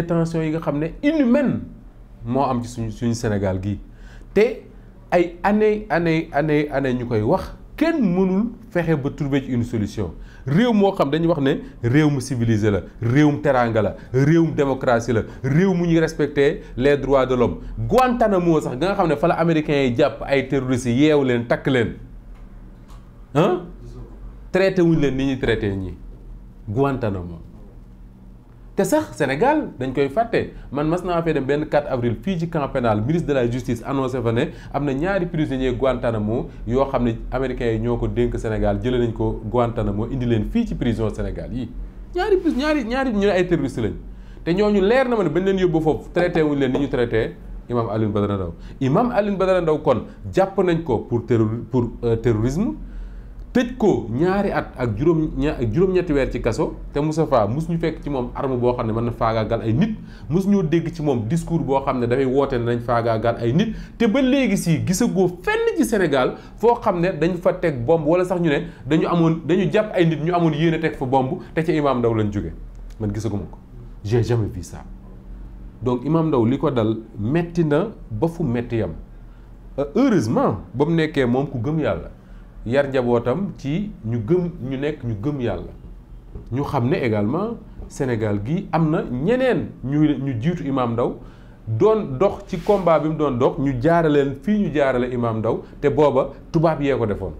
détention yi nga xam ne inhumaine moo am ci suñu suñu Sénégal gii te ay année année année année ñu koy wax kenn mënul fexe ba trouver ci une solution réew moo xam dañuy wax ne réew mu civilisé la réewum teraanga la réewum démocratie la réew mu ñuy respecter les droits de l'homme Guantanamo sax nga nga xam ne fa la américains yi jàpp ay terroristes yeewu leen takk leen traité wuñ leen ni ñuy traité ñi Guantanamo te sax Sénégal dañ koy fàtte man mas naa fee dem benn 4 avril fii ci camp pénal ministre de la justice annoncé fa ne am na ñaari prisonnier Guantanamo yoo xam ne américains yi ñoo ko dénk Sénégal jëlee nañ ko Guantanamo indi leen fii ci prison Sénégal yi ñaari ñaari ñaari ñu ay terroriste lañ te ñooñu leer na ma ne bañ leen yóbbu foofu traité wuñ leen ni ñu traité imam Alioune Badara Ndao imam Alioune Badara Ndao kon jàpp nañ ko pour terro pour euh, terrorisme tëj ko ñaari at ak juróom ña ak juróom-ñetti weer ci kaso te Moustapha mus ñu fekk ci moom arme boo xam ne mën na faagaagal ay nit mus ñoo dégg ci moom discours boo xam ne dafay woote ne dañ faagaagal ay nit te ba léegi si gisagoo fenn ci Sénégal foo xam ne dañu fa teg bomb wala sax ñu ne dañu amoon dañu jàpp ay nit ñu amoon yéen a teg fa bomb te ca Imam Ndaw lañ jóge man gisaguma ko j'ai jamais vu ça donc Imam Ndaw li ko dal metti na ba fu metti yam euh, heureusement ba mu nekkee moom ku gëm yàlla yar njabootam ci ñu gëm ñu nekk ñu gëm yàlla ñu xam ne également Sénégal gi am na ñeneen ñu ñu jiitu imaam ndaw doon dox ci combat bi mu doon dox ñu jaaraleen fii ñu jaarale imaam Ndao te booba tubaab yee ko defoon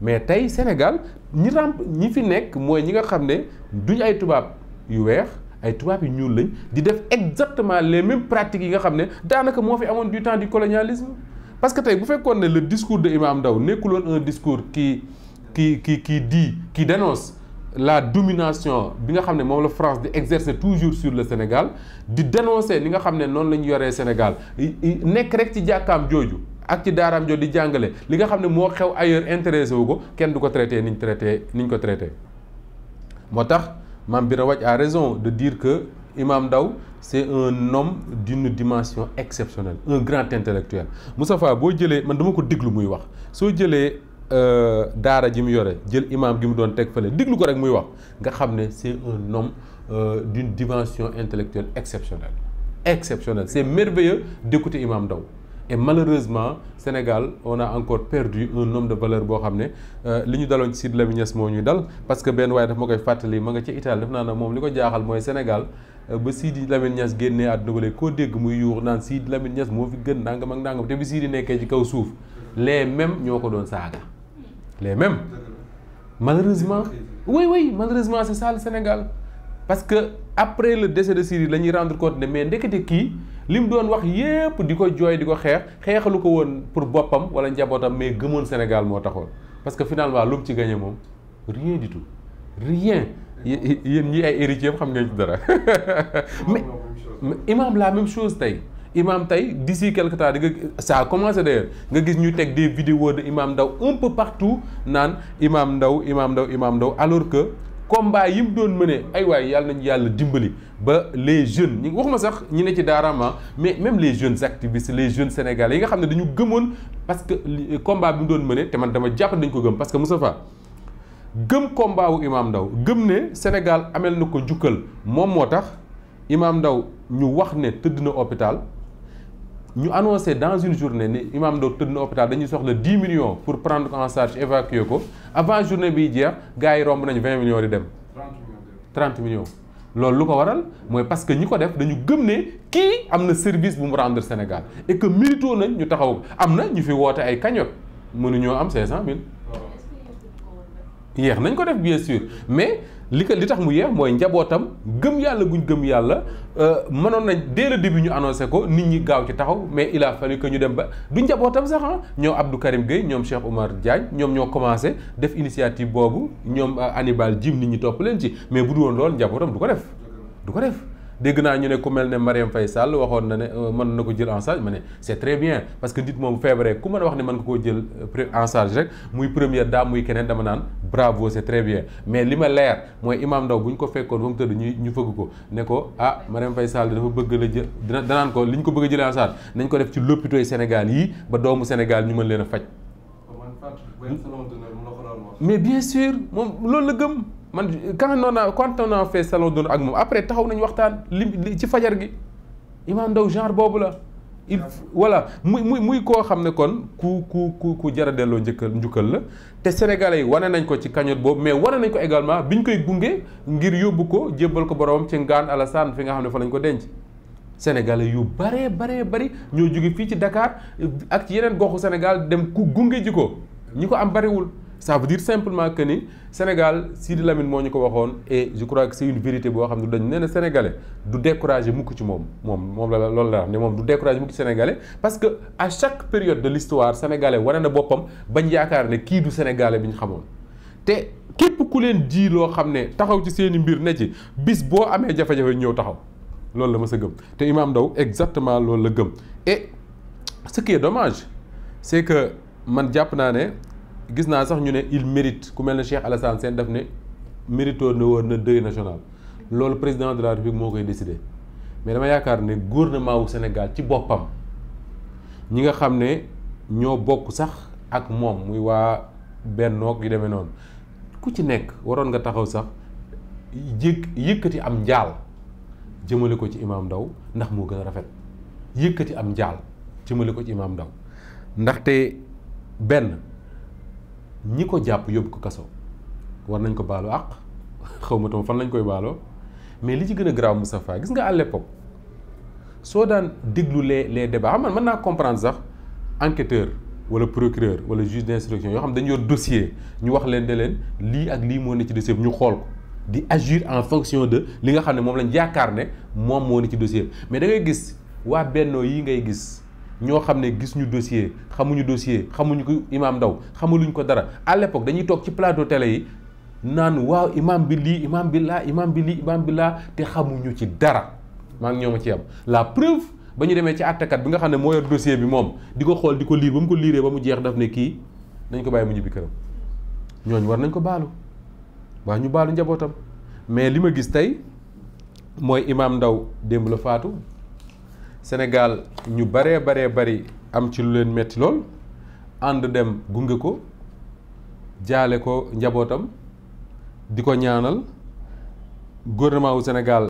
mais tey Sénégal ñi ràmp ñi fi nekk mooy ñi nga xam ne duñ ay tubaab yu weex ay tubaab yu ñuul lañ di def exactement les mêmes pratiques yi nga xam ne daanaka moo fi amoon du temps di colonialisme parce que tey bu fekkoon ne le discours de Imam Ndao nekkuloon un discours qui qui qui qui dit qui dénonce la domination bi nga xam ne moom la France di exercer toujours sur le Sénégal di dénoncer ni nga xam ne noonu la ñu yoree Sénégal nekk rek ci jàkkaam jooju ak ci daaraam jooju di jàngale li nga xam ne moo xew ailleurs intéressé wu ko kenn du ko traité niñ traité niñ ko traité moo tax Mame Birame Wathie à raison de dire que Imam Ndaw c'est un homme d'une dimension exceptionnelle un grand intellectuel Moustapha boo jëlee man dama ko déglu muy wax soo jëlee euh, daara ji mu yore jël imam gi mu doon teg fële déglu ko rek muy wax nga xam ne c'est un homme euh, d'une dimension intellectuelle exceptionnelle exceptionnelle c'est merveilleux d'écouter Imam Ndaw et malheureusement Sénégal on a encore perdu un homme de valeur boo xam ne euh, li ñu daloon ci Sidy Lamine Niass moo ñuy dal parce que benn waaye daf ma koy fàttali ma nga ca Italie def naa ne moom li ko jaaxal mooy Sénégal euh, ba Sidy Lamine Niass génnee àdduna ba léegi koo dégg muy yuux naan Sidy Lamine Niass moo fi gën nangam ak nangam te bi Sidy nekkee ci kaw suuf les mêmes ñoo ko doon saaga les mêmes malheureusement oui oui malheureusement c'est ça Sénégal parce que après le décès de Sidy la ñuy rendre compte mais ndekete kii li mu doon wax yépp di ko jooy di ko xeex xeexalu ko woon pour boppam wala njabootam mais gëmoon Sénégal moo taxoon parce que finalement lu mu ci gagné moom rien du tout rien yéen ñi ay héritier yëpp xam ngeen ci dara mais imam la même chose tey imam tey d'ici quelque temps di nga saa a commencé d'ailleurs nga gis ñu teg des vidéos de imam Ndao un peu partout naan imam Ndao imaam Ndao imam Ndao alors que combat yi mu doon mëne ay waay yàlla nañu yàlla dimbali ba les jeunes ñi waxuma sax ñi ne ci daarama mais même les jeunes activistes les jeunes sénégalais yi nga xam ne dañu gëmoon parce que combat bi mu doon mëne te man dama jàpp dañ ko gëm parce que Moustapha gëm combat wu Imaam Ndaw gëm ne Sénégal amel na ko jukkal moom moo tax Imaam Ndaw ñu wax ne tëdd na hôpital ñu annoncé dans une journée ni Imam Ndao tëdd na hôpital dañuy soxla 10 millions pour prendre en charge évacuer ko avant journée bi jeex gars yi romb nañu 20 millions di dem. 30 millions loolu lu ko waral mooy parce que ñi ko def dañu gëm ne kii am na service bu mu rendre Sénégal et que militoo nañ ñu taxaw am na ñu fi woote ay cagnotte mënuñoo am 500000. yéex nañ ko def bien sûr mais. li ko li tax mu yeex mooy njabootam gëm yàlla guñ gëm yàlla euh, mënoon nañ dès le ñu annoncé ko nit ñi gaaw ci taxaw mais il a fallu que ñu dem ba du njabootam sax ah ñoom Abdou Karim Gueye ñoom Cheikh Oumar Diagne ñoom ñoo commencé def initiative boobu ñoom euh, anibal Djim nit ñi topp leen ci mais bu du woon loolu njabootam du ko def du ko def dégg naa ñu ne ku mel ne Mariam Faye Sall waxoon na ne euh, mën na ko jël en charge ma ne c'est très bien parce que nit moom feebaree ku mën a wax ne mën nga koo jël euh, en rek muy première dame muy keneen dama naan bravo c'est très bien mais li ma leer mooy Imam Ndaw bu ñu ko fekkoon fa tëdd ñu ñu ko ne ko ah Mariam Faye Sall dafa bëgg la jël dina danaan ko li ñu ko bëgg a jëlee en charge ko def ci l'hôpital yi Sénégal yi ba doomu Sénégal ñu mën leen a faj mais bien sûr moom la man quand on a quand on fait salon d'honneur ak moom après taxaw nañu waxtaan li ci fajar gi Imaam Ndao genre boobu la. il ah. voilà muy muy muy koo xam ne kon ku ku ku ku jar a delloo njëkkal njukkal la te sénégalais yi wane nañ ko ci cagnotte boobu mais wane nañ ko également ñu koy gunge ngir yóbbu ko jébbal ko boromam ci ngaan Alassane fi nga xam ne fa lañ ko denc. sénégalais yu baree baree bari ñoo jóge fii ci Dakar ak ci yeneen goxu Sénégal dem ku gunge ji ko ñi ko am bariwul. ça veut dire simplement que ni Sénégal Sidi Lamine moo ñu ko waxoon et je crois que c'est une boo xam ne dañu nee na sénégalais du décourager mukk ci moom moom moom la loolu la wax ne moom du décourager mukk ci sénégalais parce que à chaque période de l'histoire sénégalais wane na boppam bañ yaakaar ne kii du sénégalais bi ñu xamoon te képp ku leen jii loo xam ne taxaw ci seeni mbir ne ji bis boo amee jafe-jafe ñëw taxaw loolu la ma sa gëm te Imam Ndao exactement loolu la gëm et ce qui est que man jàpp naa ne gis naa sax ñu ne il mérite ku mel ne Cheikh Alassane seen daf ne mérito na woon na deuil national loolu président de la République moo koy décidé mais dama yaakaar ne góor na maawu Sénégal ci boppam ñi nga xam ne ñoo bokk sax ak moom muy waa benn bennoog yi demee noonu ku ci nekk waroon nga taxaw sax yëg yëkkati am njaal jëmale ko ci imaam Ndaw ndax moo gën a rafet yëkkati am njaal jëmale ko ci imaam Ndaw ndaxte benn ñi ko jàpp yóbbu ko kaso war nañ ko baalo àq xaw ma tam fan lañ koy baaloo mais li ci gën a grave Moustapha gis nga à l'époque soo daan déglu les les débats man naa comprendre sax enqueteur wala procureur wala juge d'instruction yoo xam ne dañu yor dossier ñu wax leen de leen lii ak lii moo ne ci dossier bu ñu xool ko di agir en fonction de li nga xam ne moom lañ yaakaar ne moom moo ne ci dossier mais da ngay gis waa bennoo yi ngay gis. ñoo xam ne gis ñu dossier xamuñu dossier xamuñu ko imaam Ndaw xamuluñ ko dara à dañuy toog ci plateau tele yi naan waaw imaam bi lii imaam bi laa imaam bi lii imaam bi laa te xamuñu ci dara maa ngi ñoo ma ci am la preuve ba ñu demee ci àttekat bi nga xam ne mooy yor bi moom di ko xool di ko liir ba mu ko liiree ba mu jeex daf ne kii nañ ko bàyyi mu ñibbi këram ñooñ war nañ ko baalu waaw ñu baalu njabootam mais li ma gis tey mooy imaam Ndaw démb la faatu Sénégal ñu baree baree bari am ci lu leen metti lool ànd dem gunge ko jaale ko njabootam di ko ñaanal gouvernement wu Sénégal